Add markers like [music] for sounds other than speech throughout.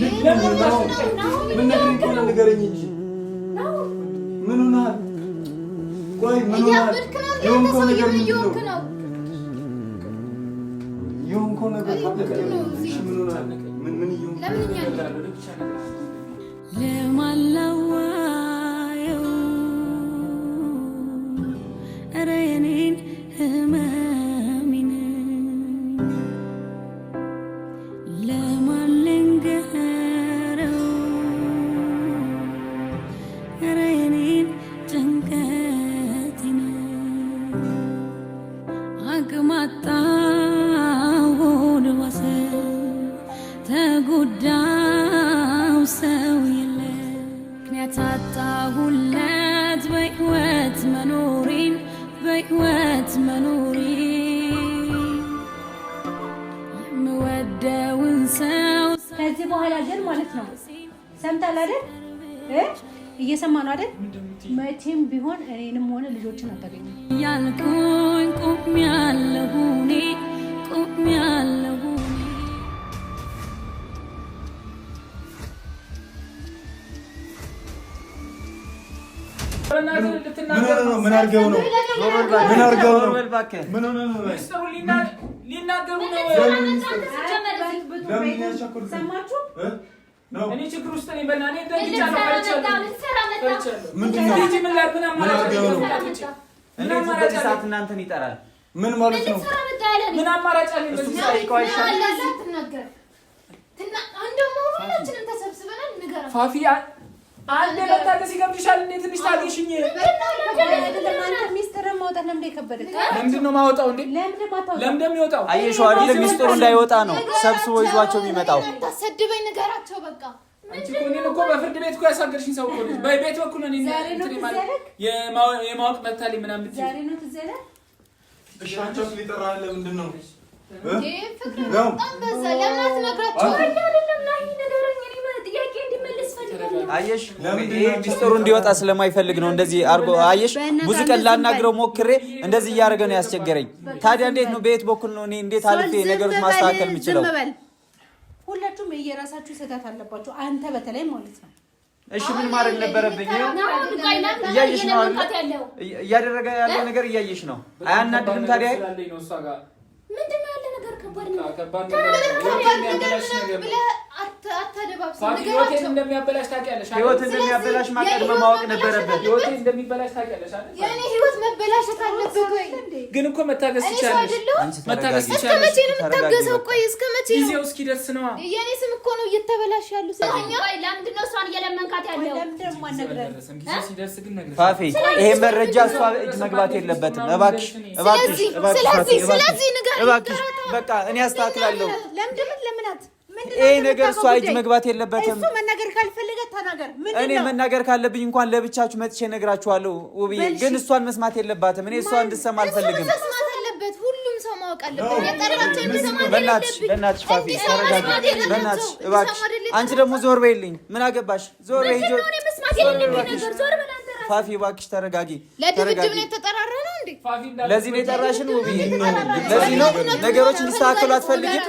ምን ሆነሃል? ቆይ ምን ሆነሃል? ነው? ሰምታል አይደል? እየሰማ ነው አይደል? መቼም ቢሆን እኔንም ሆነ ልጆችን አታገኙ ያልኩኝ ቁም ያለሁ እኔ ቁም ያለሁ ምን ነው? ምን እኔ ችግር ውስጥ ነኝ። እናንተን ይጠራል። ምን ማለት ነው? ምን አማራጭ አለኝ? ፋፊ አንድ መታገስ ይገብርሻል። ትንሽ ታገሽኝ ማውጣት ለምንድን ነው የከበደ? ለምንድን ነው የማወጣው? እንዴ ለምንድን ነው የሚወጣው? አየሽው አይደል? ሚስጥሩ እንዳይወጣ ነው ሰብስቦ ይዟቸው የሚመጣው። ታሰድበኝ ንገራቸው በቃ። አንቺ እኮ እኔን እኮ በፍርድ ቤት እኮ ያሳገርሽኝ ሰው እኮ ነሽ። በቤት በኩል ነው የማወቅ መብት ምናምን ብትይ ዛሬ ነው ትዝ ያለህ። እሺ አንቺስ ሊጠራ ለምንድን ነው? ፍቅር በጣም በዛ። ለምን አትነግራቸውም? አይደለም ናይ ነገረኝ አየሽ ሚስጥሩ እንዲወጣ ስለማይፈልግ ነው እንደዚህ አድርጎ። አየሽ ብዙ ቀን ላናግረው ሞክሬ እንደዚህ እያደረገ ነው ያስቸገረኝ። ታዲያ እንዴት ነው በየት በኩል ነው እኔ እንዴት አልፌ ነገሮች ማስተካከል የምችለው? ሁላችሁም የየራሳችሁ ስጋት አለባችሁ፣ አንተ በተለይ ማለት ነው። እሺ ምን ማድረግ ነበረብኝ? እያየሽ ነው እያደረገ ያለው ነገር እያየሽ ነው። አያናድድም? ታዲያ ምንድን ነው ያለ ነገር ከባድ ነው። ህይወቴን እንደሚያበላሽ ታውቂያለሽ። ህይወት እንደሚያበላሽ ማቀድመ ማወቅ ነበረበት። ህይወት እንደሚበላሽ ታውቂያለሽ። የእኔ ህይወት መበላሸት አለበት ወይ? ግን እኮ መታገስ ትቻለሽ። መታገስ ትቻለሽ። እስከ ነው ጊዜው እስኪደርስ ነዋ። የእኔ ስም እኮ ነው እየተበላሽ ያሉ። ስለኛ ለምንድን ፋፌ ይሄ መረጃ እሷ እጅ መግባት የለበትም። እባክሽ፣ እባክሽ፣ እባክሽ፣ እባክሽ። በቃ እኔ አስተካክላለሁ። ለምንድን ለምናት ይሄ ነገር እሷ እጅ መግባት የለበትም። እሱ መናገር ካልፈለገ ተናገር። እኔ መናገር ካለብኝ እንኳን ለብቻችሁ መጥቼ እነግራችኋለሁ። ውብዬ ግን እሷን መስማት የለባትም። እኔ እሷ እንድሰማ አልፈልግም። በእናትሽ እባክሽ፣ አንቺ ደግሞ ዞር በይልኝ። ምን አገባሽ? ዞር በይ ፋፊ፣ እባክሽ ተረጋጊ። ለድብድብ ነው የተጠራራ ለዚህ ነው የጠራሽን? ውብዬ ለዚህ ነው ነገሮች እንድስተካከሉ አትፈልግም?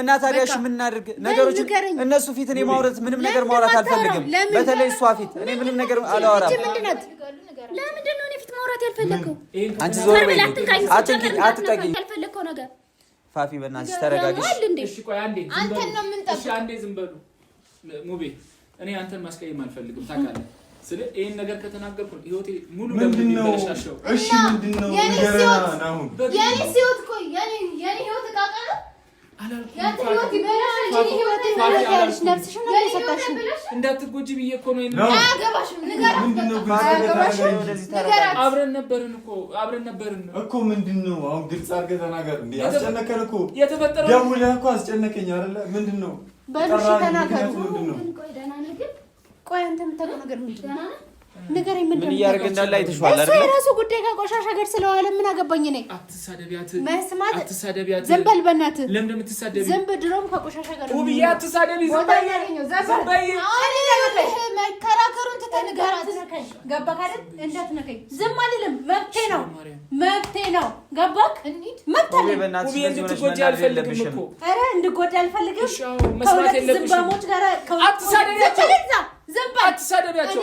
እና ታዲያሽ የምናደርግ ነገሮች እነሱ ፊት እኔ ማውረት ምንም ነገር ማውራት አልፈልግም። በተለይ እሷ ፊት እኔ ምንም ነገር አላወራም። ለምንድን ነው እኔ ፊት ማውራት ያልፈለግከው? አንቺ ዞር ፋፊ በእናትሽ ተረጋግሽ። አንተን ነው የምንጠብቀው። እኔ አንተን ማስቀየም አልፈልግም፣ ታውቃለህ ስለ ይሄን ነገር ከተናገርኩ ህይወቴ ሙሉ ለሙሉ ይበላሻሸው። እሺ ምንድን እንዳትጎጂ ብዬ እኮ ነው። አብረን ነበርን እኮ አብረን ነበርን እኮ ምንድን ነው አሁን ግልጽ አድርገህ ተናገር። እንደ አስጨነቀን እኮ የተፈጠረው ደውለህ እኮ አስጨነቀኝ አይደለ? ምንድን ነው ቆይ አንተ የምታውቀው ነገር ምንድን ነው? ንገረኝ። ምንድን ምን እያደረገ እንዳለ አይተሽዋል አይደል? እሱ የራሱ ጉዳይ ከቆሻሻ ጋር ስለዋለ ምን አገባኝ እኔ። አትሳደቢያት፣ መስማት አትሳደቢያት። ዝም በል በእናትህ። ለምን የምትሳደቢ? ዝም በል ድሮም ከቆሻሻ ጋር ነው። ውብዬ አትሳደቢ። ዝም በይ፣ ዝም በይ። መከራከሩን ትተህ ንገራት። ገባክ አይደል? እንዳትነካኝ። ዝም አልልም። መብቴ ነው፣ መብቴ ነው። ገባህ? መብት አለኝ። ውብዬ እንድትጎጂ አልፈልግም እኮ። ኧረ እንድትጎጂ አልፈልግም። ከሁለት ዝም በሞች ጋር አትሳደቢያቸው ዝም በል የምትሳደቢያቸው?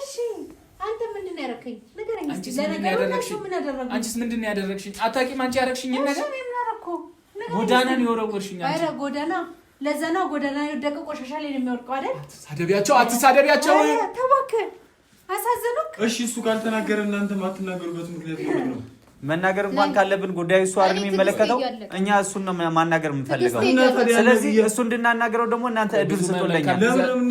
እሺ አንተ ምንድን ነው ያደረከኝ? ንገረኝ እስኪ። ያደረግሽኝ? አታውቂም አንቺ ያደረግሽኝ ነገር። ምን ጎዳና ነው የወረወርሽኝ ኧረ ጎዳና ለዘና ጎዳና የወደቀ ቆሻሻ ላይ ነው የሚወድቀው አይደል? አትሳደቢያቸው፣ አትሳደቢያቸው። ተባክ አሳዘኑክ። እሺ እሱ ካልተናገረ እናንተ ማትናገሩበት ምክንያት ነው መናገር እንኳን ካለብን ጉዳዩ እሱ አይደል የሚመለከተው። እኛ እሱን ነው ማናገር የምንፈልገው። ስለዚህ እሱ እንድናናገረው ደግሞ እናንተ እድል መናገር ስጡልኛል።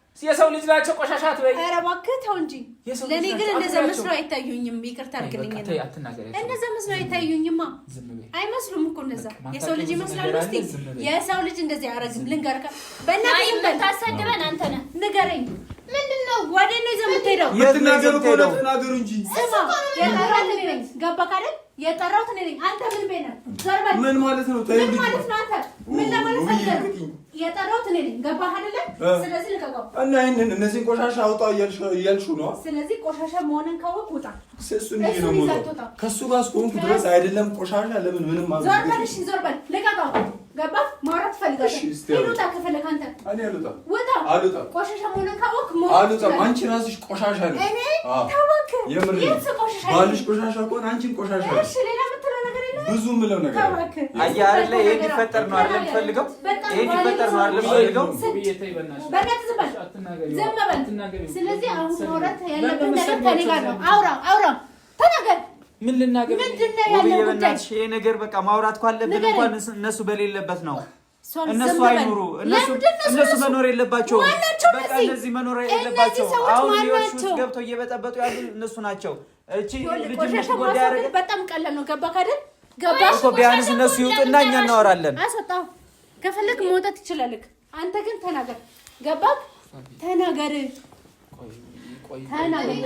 የሰው ልጅ ናቸው። ቆሻሻት አትበይ። ኧረ እባክህ ተው እንጂ። ለእኔ ግን እንደዛ መስሎ አይታዩኝም። ይቅርታ አድርግልኝ። እንደዛ መስሎ አይታዩኝማ። አይመስሉም እኮ እንደዛ የሰው ልጅ ይመስላሉ። እስኪ የሰው ልጅ እንደዚህ አያረግም። ልንገርህ፣ በእናትህ ታሳድበን አንተ ነህ። ንገረኝ፣ ምንድን ነው ወደ ነው ይዘህ የምትሄደው? ተናገሩ እንጂ ስማ፣ ገባህ አይደል? የጠራሁት እኔ ነኝ። አንተ ምን ቤት ነህ? ምን ማለት ነው? ምን ማለት ነው? አንተ ምን ለማለት የጠራሁት እኔ ነኝ። ገባህ አይደለ? ስለዚህ ልቀቀው እና እነዚህን ቆሻሻ አውጣ እያልሽው ነው። ስለዚህ ቆሻሻ መሆንን ካወቅ ውጣ። ነው ከእሱ ጋር እስከሆንኩ ድረስ አይደለም ቆሻሻ ለምን ምንም ዞር በል፣ እሺ ዞር በል፣ ልቀቀው። ገባህ? ማውራት ውጣ አንተ። እኔ አልወጣም። ውጣ። አልወጣም። ቆሻሻ መሆንን ካወቅ አልወጣም። አንቺ እራስሽ ቆሻሻ ነሽ። እኔ ታወቅ የምር ባልሽ ቆሻሻ ከሆነ አንቺን ቆሻሻ ነሽ ብዙ ምለው ነገር አያ አይደለ? ይሄ ሊፈጠር ነው አይደለም ፈልገው ይሄ ሊፈጠር ነው አይደለም ፈልገው። ስለዚህ አሁን ማውራት ያለብን ነገር ከኔ ጋር ነው። አውራ አውራ ተናገር። ምን ልናገር? ይሄ ነገር በቃ ማውራት ካለብን እንኳን እነሱ በሌለበት ነው። እነሱ አይኑሩ። እነሱ መኖር የለባቸው። በቃ እነዚህ መኖር የለባቸው። አሁን ሊወርሹት ገብተው እየበጠበጡ ያሉ እነሱ ናቸው። እቺ ልጅ በጣም ቀላል ነው። ገባ ካደል ገባሽ? ቢያንስ እነሱ ይውጡና እኛ እናወራለን። አሰጣው ከፈለክ መውጣት ይችላልክ። አንተ ግን ተናገር፣ ገባክ? ተናገር፣ ተናገር።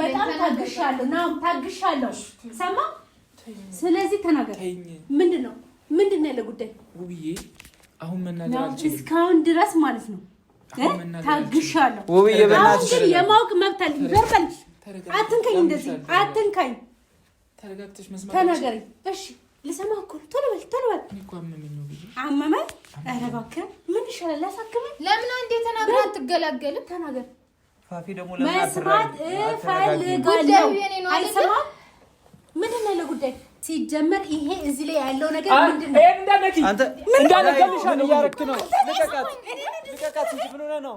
በጣም ታግሻለሁ፣ ናም ታግሻለሁ። ሰማ። ስለዚህ ተናገር። ምንድን ነው ምንድን ነው ያለ ጉዳይ? ውብዬ አሁን መናገር አልችልም፣ እስካሁን ድረስ ማለት ነው ታግሻለሁ። ውብዬ በእናትሽ የማወቅ መብት አለኝ። አትንካኝ፣ እንደዚህ አትንካኝ ተረጋግተሽ መስማት ተናገሪ። እሺ ልሰማ እኮ ቶሎ በል ቶሎ በል። አመመኝ። ኧረ እባክህ ምን ይሻላል? ላሳክመኝ። ለምን አንዴ ተናግረህ አትገላገልም? ተናገር። መስማት እፈልጋለሁ። አይሰማም። ምንድን ነው ያለው ሲጀመር ይሄ እዚህ ላይ ያለው ነገር ምንድን ነው? እንዳነኪ እንዳነከልሻል እያረክ ነው። ልቀቃት፣ ልቀቃት ምን ሆነህ ነው?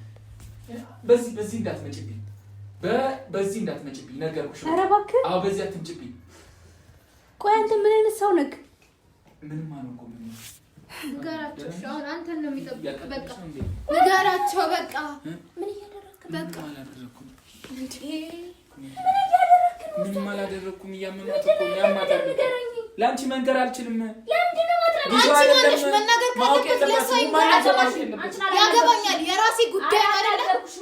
በዚህ በዚህ እንዳትመጭብኝ፣ በዚህ እንዳትመጭብኝ ነገርኩሽ። ኧረ እባክህ አዎ፣ በዚህ አትምጭብኝ። ቆይ አንተ ምን አይነት ሰው ነህ? ምንም አልሆንኩም። ንገራቸው አሁን፣ አንተን ነው የሚጠብቁት። በቃ ንገራቸው። በቃ ምን እያደረክ በቃ ምንም አላደረኩም። እያመማት እኮ ያማታል። ለአንቺ መንገር አልችልም። ያገባኛል። የራሴ ጉዳይ አይደለም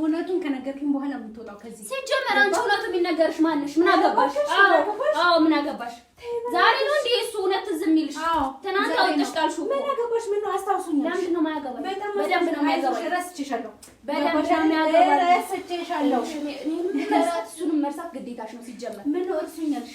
እውነቱን ከነገርኩኝ በኋላ የምትወጣው ከዚህ ሲጀመር፣ አንቺ እውነቱ የሚነገርሽ ማንሽ ምን አገባሽ? አዎ ምን አገባሽ? ዛሬ ነው እንዴ እሱ እውነት ዝም ይልሽ? ትናንት አውጥሽ ጣልሽ። ምን አገባሽ? ምን ነው አስታውሱኛል። በደንብ ነው የማያገባሽ። በደንብ ነው የማያገባሽ። ረስቼሻለሁ። በደንብ ነው የማያገባሽ። ረስቼሻለሁ። እሱንም መርሳት ግዴታሽ ነው ሲጀመር። ምን ነው እርሱኛልሽ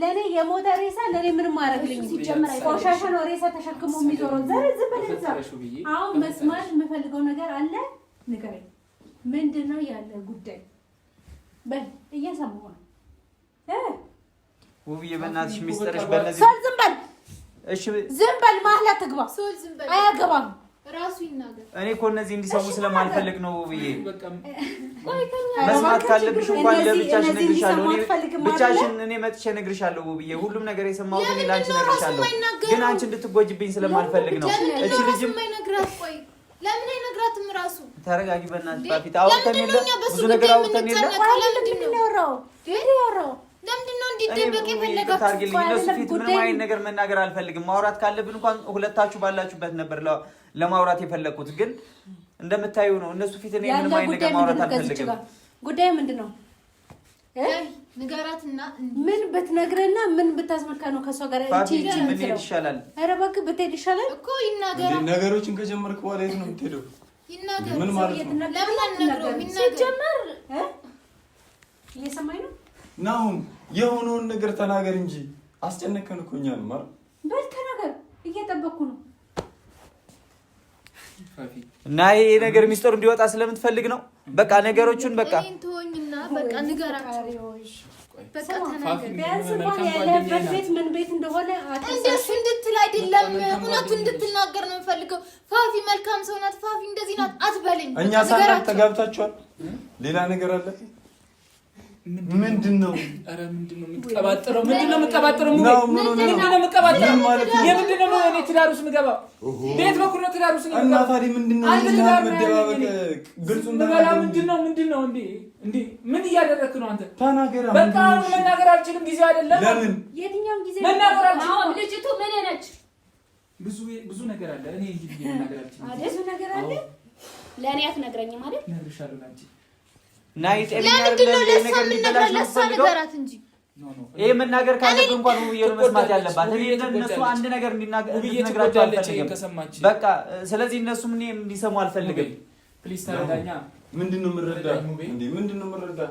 ለኔ የሞተ ሬሳ ለኔ ምን ማረግልኝ ሲጀምር ቆሻሻ ነው። ሬሳ ተሸክሞ የሚዞረው ዘር ዝም ብለዛ። አሁን መስማት የምፈልገው ነገር አለ፣ ንገረኝ። ምንድን ነው ያለ ጉዳይ? በል እየሰማሁ ነው። ውብዬ በእናትሽ ሚስጥርሽ በእነዚህ ዝም በል፣ ዝም በል። ማህላት ትግባ፣ አያገባም እኔ እኮ እነዚህ እንዲሰሙ ስለማልፈልግ ነው ብዬ መስማት ካለብሽ እንኳን ለብቻሽ ነግርሻለሁ። ብቻሽን እኔ መጥቼ ነግርሻለሁ ብዬ ሁሉም ነገር የሰማሁት እኔ ለአንቺ ነግርሻለሁ፣ ግን አንቺ እንድትጎጅብኝ ስለማልፈልግ ነው። እቺ ልጅም ተረጋጊ፣ በእናትሽ ባፊት አውርተን የለ ብዙ ነገር አውርተን የለ ለምንድነው እንዲደበቅ የፈለጋችሁት? ምንም ነገር መናገር አልፈልግም። ማውራት ካለብን እንኳን ሁለታችሁ ባላችሁበት ነበር ለማውራት የፈለግኩት፣ ግን እንደምታዩ ነው። እነሱ ፊት እኔ ምንም አይነት ነገር ማውራት አልፈልግም። ጉዳይ ምንድን ነው? ንገራትና ምን ብትነግረና ምን ብታስመካ ነው ከእሷ ጋር እቺ እቺ የምትሄድ ይሻላል። ኧረ እባክህ ብትሄድ ይሻላል እኮ ይናገራል። ነገሮችን ከጀመርክ በኋላ የት ነው የምትሄደው? ምን ማለት ነው? ሲጀመር እየሰማኝ ነው ናሁን የሆነውን ነገር ተናገር እንጂ አስጨነቀን እኮ እኛን። ማር በል ተናገር፣ እየጠበቅኩ ነው። እና ይሄ ነገር ሚስጥሩ እንዲወጣ ስለምትፈልግ ነው። በቃ ነገሮቹን በቃ ቢያንስ ቤት እንደሆነ አይደለም፣ እንድትናገር ነው ፋፊ መልካም ሰው ናት፣ ፋፊ እንደዚህ ናት አትበለኝ። እኛ ሳናት ተጋብታችኋል። ሌላ ነገር አለ ምንድን ነው የምጠባጠረው? ምንድን ነው የምጠባጠረው? ምንድን ነው የምጠባጠረው? የምንድን ነው እኔ ትዳር ውስጥ የምገባው? ቤት በኩል ነው ትዳር ውስጥ እና ታዲያ ምንድን ነው መደባበቅ? ግልጹ ምንድን ነው ምንድን ነው? እንደ እንደ ምን እያደረግክ ነው አንተ? ተናገር። በቃ አሁን መናገር አልችልም፣ ጊዜው አይደለም። ለምን የትኛውም ጊዜ መናገር አልችልም። ልጅቱ ምን ነች? ብዙ ብዙ ነገር አለ። እኔ እንግዲህ ብዙ ነገር አለ። ለእኔ አትነግረኝም አይደል? እነግርሻለሁ ለአንቺ ናይ ጤነኛ ነገራት እንጂ ይህ መናገር ካለብህ እንኳን ውብዬ ነው መስማት ያለባት። እነሱ አንድ ነገር እንድትነግራቸው አልፈልግም። በቃ ስለዚህ እነሱም እኔ እንዲሰሙ አልፈልግም። ምንድን ነው የምረዳህ? ምንድን ነው የምረዳህ?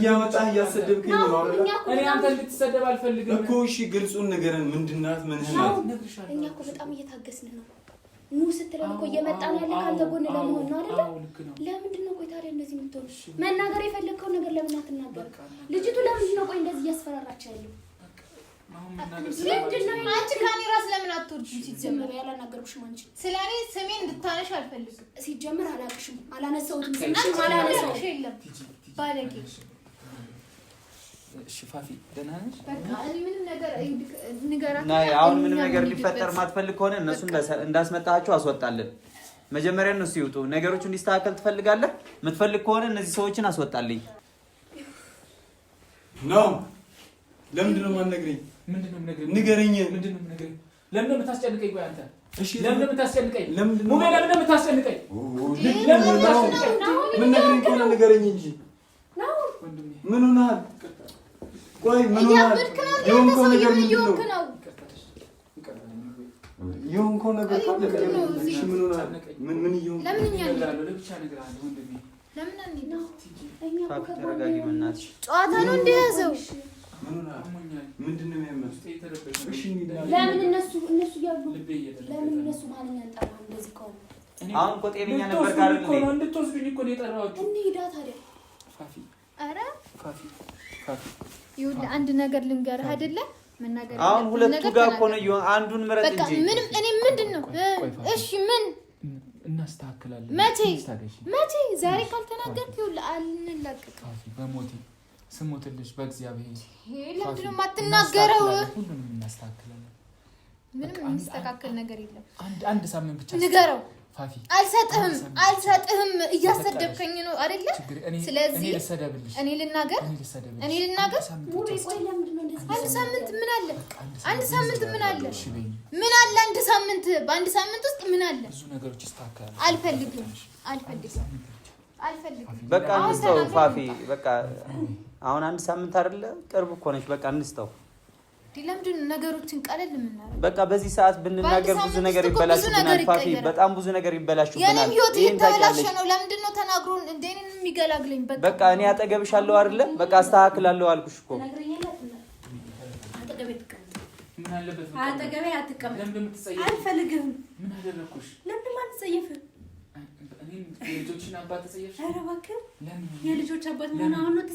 እያመጣህ እያሰደብከኝ ነው። እኔ አንተ እንድትሰደብ አልፈልግም እኮ። እሺ ግልጹን ንገረን። ምንድን ናት? ምን እኛ እኮ በጣም እየታገስን ነው ኑ ስትለን እኮ እየመጣ ነው ያለ ከአንተ ጎን ለመሆን ነው አይደለ? ለምንድን ነው ቆይ ታዲያ እንደዚህ የምትሆኑ? መናገር የፈለግከው ነገር ለምን አትናገር? ልጅቱ ለምንድን ነው ቆይ እንደዚህ እያስፈራራች ያለ? ምንድን ነው አንቺ ከእኔ እራስ ለምን አትወርጂም? ሲጀመር ያላናገርኩሽም አንቺ ስለ እኔ ስሜን እንድታነሽ አልፈልግም። ሲጀመር አላቅሽም፣ አላነሳሁትም፣ ስምሽም አላነሳሁትም። የለም ባለጌ ሽፋፊ ደህና ነሽ? አሁን ምንም ነገር ሊፈጠር ማትፈልግ ከሆነ እነሱ እንዳስመጣቸው አስወጣለን። መጀመሪያ እነሱ ይውጡ። ነገሮቹ እንዲስተካከል ትፈልጋለህ? የምትፈልግ ከሆነ እነዚህ ሰዎችን አስወጣልኝ። ነው ለምንድን ነው የማትነግረኝ? ንገረኝ። ለምን የምታስጨንቀኝ? ቆይ አንተ ለምን የምታስጨንቀኝ? ለምን የምታስጨንቀኝ? ምን ነገረኝ እንጂ ምን ሆነሃል? ቆይ ምን አሁን እኮ ጤነኛ ነበር ጋር እንድትወስዱኝ እኮ ነው የጠራኋቸው። እንሂዳ ታዲያ ፋፊ አንድ ነገር ልንገርህ አይደለ መናገር አሁን ሁለቱ ጋር እኮ ነው። አንዱን ምረጥ እንጂ በቃ ምንም እኔ ምንድን ነው እሺ፣ ምን እናስተካክላለን። መቼ መቼ ዛሬ ካልተናገርክ ይኸውልህ አልንላቀቅም። በሞቴ ስሙትልሽ፣ በእግዚአብሔር ለምንድን ነው የማትናገረው? ሁሉንም እናስተካክላለን። ምንም የሚስተካከል ነገር የለም። አንድ ሳምንት ብቻ ንገረው አልሰጥህም አልሰጥህም። እያሰደብከኝ ነው አይደለ? ስለዚህ እኔ ልናገር እኔ ልናገር። አንድ ሳምንት ምን አለ? አንድ ሳምንት ምን አለ? ምን አለ? አንድ ሳምንት በአንድ ሳምንት ውስጥ ምን አለ? አልፈልግም አልፈልግም አልፈልግም። በቃ እንስጠው ፋፊ። በቃ አሁን አንድ ሳምንት አይደለ? ቅርብ እኮ ነች። በቃ እንስጠው ለምንድን ነገሮችን ቀለል የምናደርገው? በቃ በዚህ ሰዓት ብንናገር ብዙ ነገር ይበላሽብናል። ፋፊ በጣም ብዙ ነገር ይበላሽብናል። የኔም ህይወት እየተበላሸ ነው። ለምንድን ነው የሚገላግለኝ? በቃ እኔ አጠገብሻለሁ አይደለ? በቃ አስተካክላለሁ አልኩሽ እኮ አጠገቤ አትቀመጥ። አልፈልግህም። ምን ለምንድን ነው አትጸየፍም? የልጆችን አባት ኧረ እባክህ የልጆች አባት መሆን አሁን ነው ምን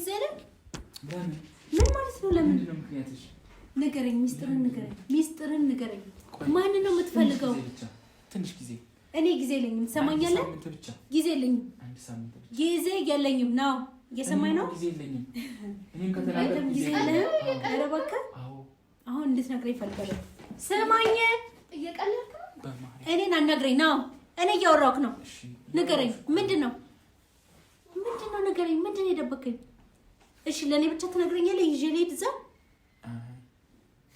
ማለት ነው? ለምን ምክንያትሽ? ንገረኝ፣ ሚስጥርን ንገረኝ፣ ሚስጥርን ንገረኝ። ነው የምትፈልገው? ትንሽ ጊዜ እኔ ጊዜ የለኝም። ትሰማኛለህ? ጊዜ የለኝም፣ ጊዜ የለኝም ነው እየሰማኝ ነው። ጊዜ የለኝም። [laughs] ኧረ እባክህ አሁን እንድትነግረኝ እፈልጋለሁ። ስማኝ፣ እየቀለድክ እኔን አናግረኝ እኔ እያወራሁህ ነው። ንገረኝ፣ ምንድን ነው ምንድን ነው? ንገረኝ፣ ምንድን ነው የደበከኝ? እሺ ለእኔ ብቻ ትነግረኛለህ? ይዤ ልሂድ እዛ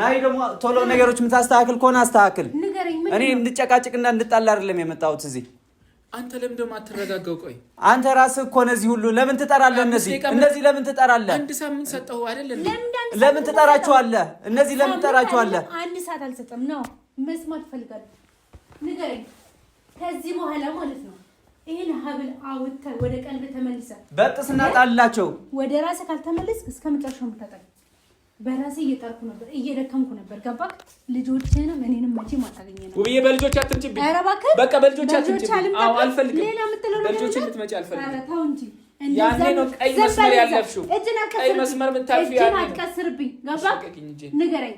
ናይ ደግሞ ቶሎ ነገሮች የምታስተካክል ከሆነ አስተካክል። እኔ እንድጨቃጭቅና እንድጣል አይደለም የመጣሁት እዚህ። አንተ ለምን ደግሞ አትረጋጋው? ቆይ አንተ ራስህ እኮ ነዚህ ሁሉ ለምን ትጠራለህ? እነዚህ እነዚህ ለምን ትጠራለህ? አንድ ሳምንት ሰጠሁ አይደል? ለምን ትጠራቸዋለህ? እነዚህ ለምን ትጠራቸዋለህ? አንድ ሰዓት አልሰጠም ነው መስማት ፈልጋለሁ። ንገረኝ ከዚህ በኋላ ማለት ነው ይህን ሀብል አውጥተህ ወደ ቀልብ ተመልሰ በጥስና ጣላቸው። ወደ ራስህ ካልተመለስክ እስከ መጨረሻው የምታጠቅ በራሴ እየጣርኩ ነበር፣ እየደከምኩ ነበር። ገባ ልጆችንም እኔንም መቼ አታገኘ ነው። ውብዬ በልጆች አትምጪብኝ፣ በቃ በልጆች አትምጪብኝ። አዎ አልፈልግም፣ በልጆች እንድትመጪ አልፈልግም። ተው እንጂ ያኔ ነው ቀይ መስመር ያለፍሽው። ቀይ መስመር እጅን አትቀስርብኝ። ገባ ንገረኝ።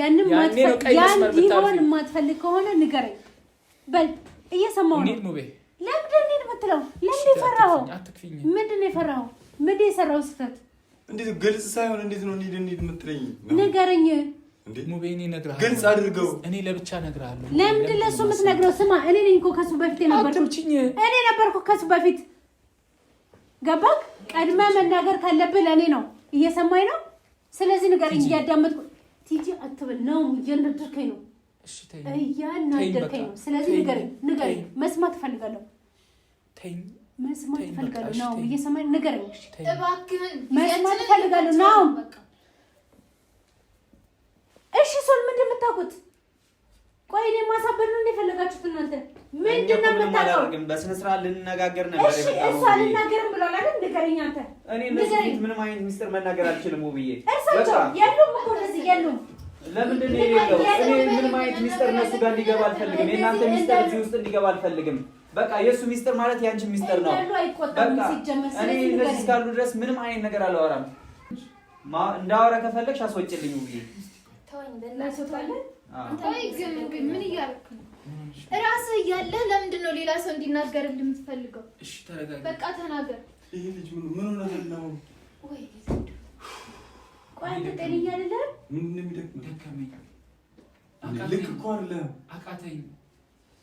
ያንን እንዲሆን የማትፈልግ ከሆነ ንገረኝ። በል እየሰማሁ ነው። ለምንድን ነው የምትለው? ለምንድን ነው የፈራኸው? ምንድን ነው የፈራኸው? ምንድን ነው የሰራኸው ስህተት እንዴት ግልጽ ሳይሆን እንዴት ነው እንሂድ እንሂድ የምትለኝ? ንገረኝ። ሙቤ እኔ እነግርሃለሁ፣ ግልጽ አድርገው። እኔ ለብቻ እነግርሃለሁ። ለምንድን ለእሱ የምትነግረው? ስማ፣ እኔ ነኝ እኮ ከሱ በፊት የነበርኩት። እኔ ነበርኩ ከሱ በፊት። ገባክ? ቀድመ መናገር ካለብህ ለእኔ ነው። እየሰማኝ ነው። ስለዚህ ንገረኝ። እያዳመጥኩ ቲጂ አትበል ነው። እያናደርከኝ ነው፣ እያናደርከኝ ነው። ስለዚህ ንገረኝ፣ ንገረኝ። መስማት እፈልጋለሁ። ተይኝ መስማት እፈልጋለሁ ነው እየሰማኝ ንገረኝ። መስማት እፈልጋለሁ ነው። እሺ እሱን ምንድን ነው የምታውቁት? ቆይ እኔ ማሳበር ነው የፈለጋችሁት እናንተ ምንድን ነው የምታውቁት? በስነ ስርዓት ልንነጋገር ነበር። እሺ እሱ አልናገርም ብሏል አይደል? ንገረኝ አንተ። እኔ እነዚህ ምንም አይነት ሚስጥር መናገር አልችልም። ውብዬ እርሳቸው የሉም እኮ እነዚህ የሉም ለምንድን ነው የሌለው? እኔ ምንም አይነት ሚስጥር እነሱ ጋር እንዲገባ አልፈልግም። የእናንተ ሚስጥር እዚህ ውስጥ እንዲገባ አልፈልግም። በቃ የእሱ ሚስጥር ማለት የአንቺ ሚስጥር ነው። እኔ እነዚህ እስካሉ ድረስ ምንም አይነት ነገር አላወራም። እንዳወራ ከፈለግሽ አስወጭልኝ ውዬ ምን እያለ እራስህ ለምንድን ነው ሌላ ሰው እንዲናገር የምትፈልገው? በቃ ተናገር። ይሄ ልጅ ምን ሆነህ ነው? ቆይ አንተ ጤነኛ አይደለህም። ልክ እኮ አይደለህም። አቃተኝ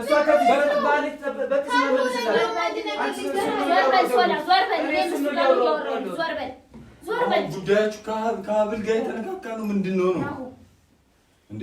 እሷ ጉዳያችሁ ከሀብል ጋር የተነካካ ነው። ምንድን ነው ነው እንዴ?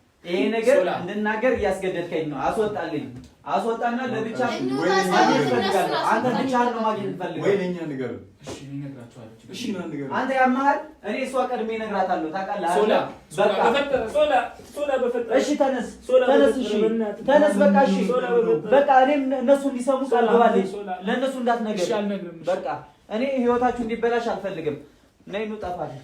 ይሄ ነገር እንድናገር እያስገደድከኝ ነው። አስወጣልኝ፣ አስወጣና ለብቻ አንተ ብቻ ነው ማግኘት ፈልገው ወይ ለኛ ነገር አንተ ያመሃል። እኔ እሷ ቀድሜ እነግራታለሁ። ታውቃለህ። እሺ ተነስ፣ ተነስ፣ ተነስ። በቃ እሺ፣ በቃ እኔም እነሱ እንዲሰሙ ቃል ገባልኝ። ለእነሱ እንዳትነግር በቃ እኔ ህይወታችሁ እንዲበላሽ አልፈልግም። ነይ እንውጣ ፋሽን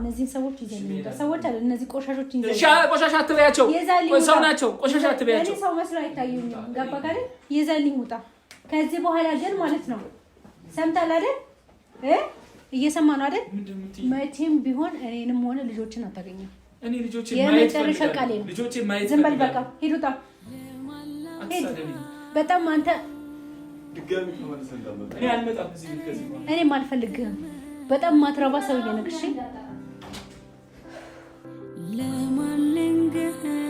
እነዚህን ሰዎች ይዘን ሰዎች አለ እነዚህ ቆሻሾች ቆሻሻ አትበያቸው፣ ሰው ናቸው። ቆሻሻ አትበያቸው። ሰው መስሎ አይታዩም። ገባህ አይደል? ይዘልኝ ውጣ። ከዚህ በኋላ ግን ማለት ነው ሰምታል አይደል? እየሰማ ነው አይደል? መቼም ቢሆን እኔንም ሆነ ልጆችን አታገኘ። የመጨረሻ ቃሌ ነው። ዝም በል በቃ ሂድ፣ ውጣ፣ በጣም አንተ እኔ አልፈልግህም። በጣም ማትረባ ሰው ነግሽ ለማለንገህ